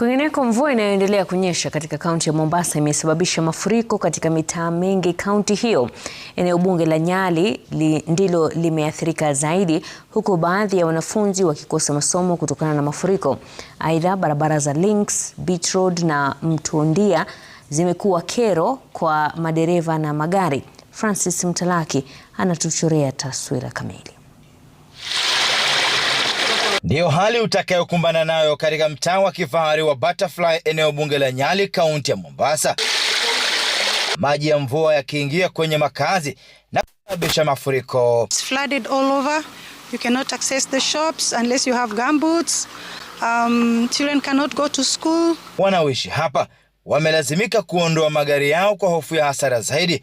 Kwingineko, mvua inayoendelea kunyesha katika kaunti ya Mombasa imesababisha mafuriko katika mitaa mingi kaunti hiyo. Eneo bunge la Nyali li, ndilo limeathirika zaidi, huku baadhi ya wanafunzi wakikosa masomo kutokana na mafuriko. Aidha, barabara za Links, Beach Road na Mtondia zimekuwa kero kwa madereva na magari. Francis Mtalaki anatuchorea taswira kamili. Ndiyo hali utakayokumbana nayo katika mtaa wa kifahari wa Butterfly, eneo bunge la Nyali, kaunti ya Mombasa, maji ya mvua yakiingia kwenye makazi na kusababisha mafuriko. Wanaoishi hapa wamelazimika kuondoa magari yao kwa hofu ya hasara zaidi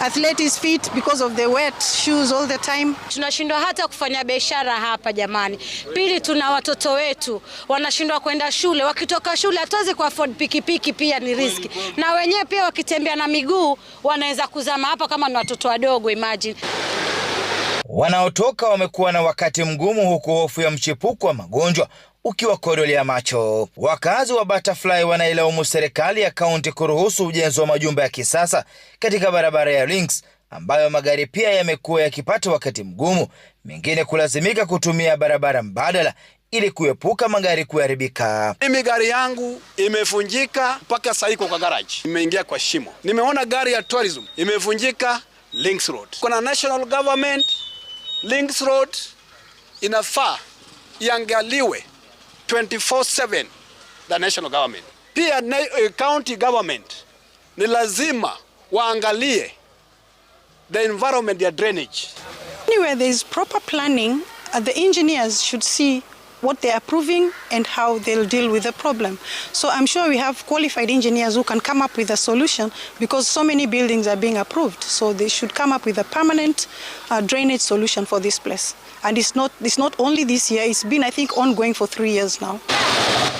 athletes feet because of the wet shoes all the time. Tunashindwa hata kufanya biashara hapa jamani. Pili, tuna watoto wetu wanashindwa kwenda shule, wakitoka shule hatuwezi kwa afford pikipiki, pia ni riski, na wenyewe pia wakitembea na miguu wanaweza kuzama hapa kama ni watoto wadogo, imagine. Wanaotoka wamekuwa na wakati mgumu, huku hofu ya mchepuko wa magonjwa ukiwakodolea macho. Wakazi wa Butterfly wanailaumu serikali ya kaunti kuruhusu ujenzi wa majumba ya kisasa katika barabara ya Links ambayo magari pia yamekuwa yakipata wakati mgumu, mengine kulazimika kutumia barabara mbadala ili kuepuka magari kuharibika. Mimi gari yangu imefunjika mpaka saa iko kwa garage, imeingia kwa shimo. Nimeona gari ya tourism imefunjika Links Road. Kuna national government, Links Road inafaa iangaliwe. 24/7 the national government. Pia na, uh, eh, county government ni lazima waangalie the environment ya drainage. Anywhere there is proper planning, uh, the engineers should see what they are proving and how they'll deal with the problem. So I'm sure we have qualified engineers who can come up with a solution because so many buildings are being approved. So they should come up with a permanent uh, drainage solution for this place. And it's not, it's not only this year, it's been I think ongoing for three years now.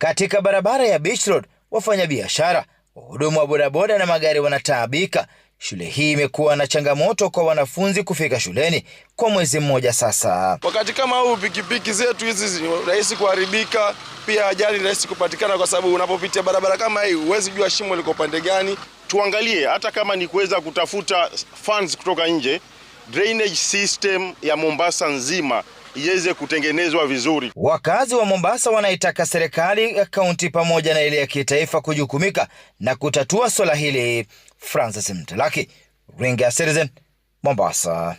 Katika barabara ya Beach Road, biashara wahudumu wa bodaboda na magari wanataabika Shule hii imekuwa na changamoto kwa wanafunzi kufika shuleni kwa mwezi mmoja sasa. Wakati kama huu pikipiki zetu hizi rahisi kuharibika, pia ajali rahisi kupatikana, kwa sababu unapopitia barabara kama hii huwezi jua shimo liko pande gani. Tuangalie hata kama ni kuweza kutafuta funds kutoka nje, drainage system ya Mombasa nzima iweze kutengenezwa vizuri. Wakazi wa Mombasa wanaitaka serikali ya kaunti pamoja na ile ya kitaifa kujukumika na kutatua swala hili. Francis mtelaki runinga ya Citizen, Mombasa.